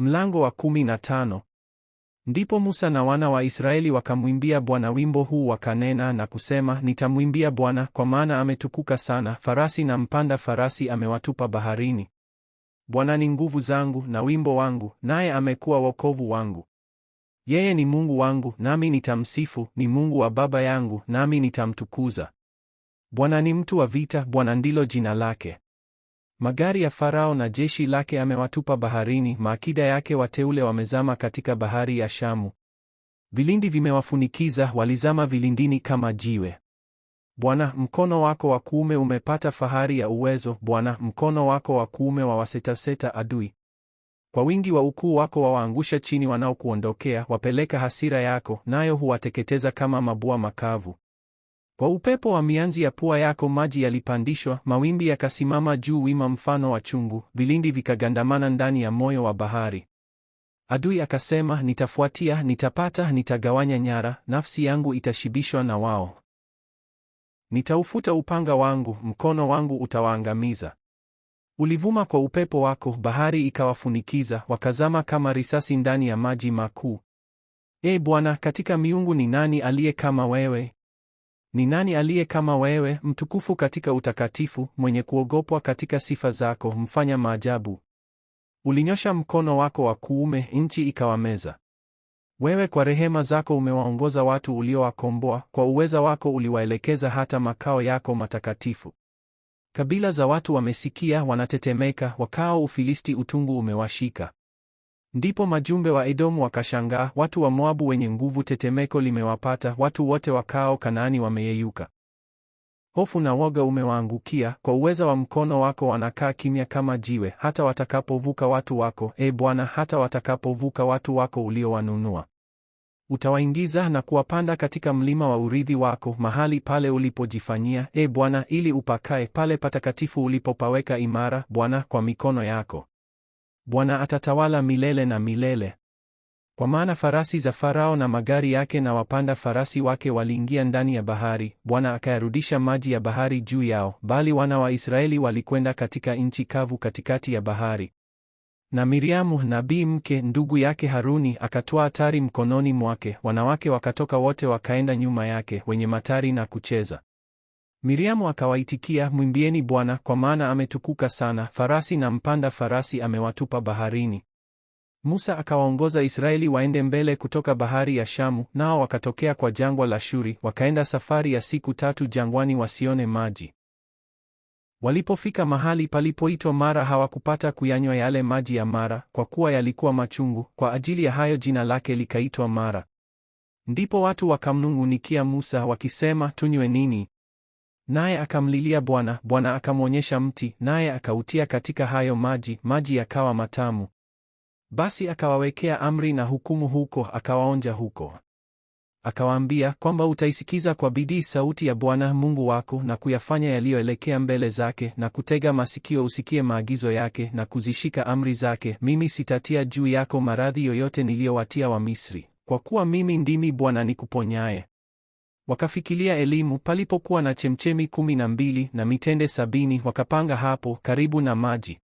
Mlango wa kumi na tano. Ndipo Musa na wana wa Israeli wakamwimbia Bwana wimbo huu wakanena na kusema, nitamwimbia Bwana kwa maana ametukuka sana, farasi na mpanda farasi amewatupa baharini. Bwana ni nguvu zangu na wimbo wangu, naye amekuwa wokovu wangu. Yeye ni Mungu wangu, nami nitamsifu, ni Mungu wa baba yangu, nami nitamtukuza. Bwana ni mtu wa vita, Bwana ndilo jina lake. Magari ya Farao na jeshi lake amewatupa baharini, maakida yake wateule wamezama katika bahari ya Shamu. Vilindi vimewafunikiza, walizama vilindini kama jiwe. Bwana, mkono wako wa kuume umepata fahari ya uwezo, Bwana, mkono wako wa kuume wa wasetaseta adui. Kwa wingi wa ukuu wako wawaangusha chini wanaokuondokea, wapeleka hasira yako, nayo huwateketeza kama mabua makavu. Kwa upepo wa mianzi ya pua yako maji yalipandishwa, mawimbi yakasimama juu wima mfano wa chungu, vilindi vikagandamana ndani ya moyo wa bahari. Adui akasema, nitafuatia, nitapata, nitagawanya nyara, nafsi yangu itashibishwa na wao. Nitaufuta upanga wangu, mkono wangu utawaangamiza. Ulivuma kwa upepo wako, bahari ikawafunikiza, wakazama kama risasi ndani ya maji makuu. E Bwana, katika miungu ni nani aliye kama wewe? Ni nani aliye kama wewe, mtukufu katika utakatifu, mwenye kuogopwa katika sifa zako, mfanya maajabu? Ulinyosha mkono wako wa kuume, nchi ikawameza. Wewe kwa rehema zako umewaongoza watu uliowakomboa, kwa uweza wako uliwaelekeza hata makao yako matakatifu. Kabila za watu wamesikia, wanatetemeka, wakao Ufilisti utungu umewashika. Ndipo majumbe wa Edomu wakashangaa, watu wa Moabu wenye nguvu, tetemeko limewapata, watu wote wakao Kanaani wameyeyuka. Hofu na woga umewaangukia, kwa uweza wa mkono wako wanakaa kimya kama jiwe, hata watakapovuka watu wako, e Bwana, hata watakapovuka watu wako uliowanunua. Utawaingiza na kuwapanda katika mlima wa urithi wako, mahali pale ulipojifanyia, e Bwana, ili upakae, pale patakatifu ulipopaweka imara, Bwana, kwa mikono yako. Bwana atatawala milele na milele. Kwa maana farasi za Farao na magari yake na wapanda farasi wake waliingia ndani ya bahari, Bwana akayarudisha maji ya bahari juu yao, bali wana wa Israeli walikwenda katika nchi kavu katikati ya bahari. Na Miriamu nabii mke ndugu yake Haruni akatoa atari mkononi mwake, wanawake wakatoka wote wakaenda nyuma yake wenye matari na kucheza. Miriamu akawaitikia, mwimbieni Bwana, kwa maana ametukuka sana, farasi na mpanda farasi amewatupa baharini. Musa akawaongoza Israeli waende mbele kutoka bahari ya Shamu, nao wakatokea kwa jangwa la Shuri, wakaenda safari ya siku tatu jangwani wasione maji. Walipofika mahali palipoitwa Mara hawakupata kuyanywa yale maji ya Mara, kwa kuwa yalikuwa machungu, kwa ajili ya hayo jina lake likaitwa Mara. Ndipo watu wakamnung'unikia Musa wakisema, tunywe nini? Naye akamlilia Bwana, Bwana akamwonyesha mti, naye akautia katika hayo maji, maji yakawa matamu. Basi akawawekea amri na hukumu huko, akawaonja huko. Akawaambia kwamba utaisikiza kwa bidii sauti ya Bwana Mungu wako na kuyafanya yaliyoelekea mbele zake na kutega masikio usikie maagizo yake na kuzishika amri zake, mimi sitatia juu yako maradhi yoyote niliyowatia Wamisri, kwa kuwa mimi ndimi Bwana nikuponyaye. Wakafikilia elimu palipokuwa na chemchemi kumi na mbili na mitende sabini wakapanga hapo karibu na maji.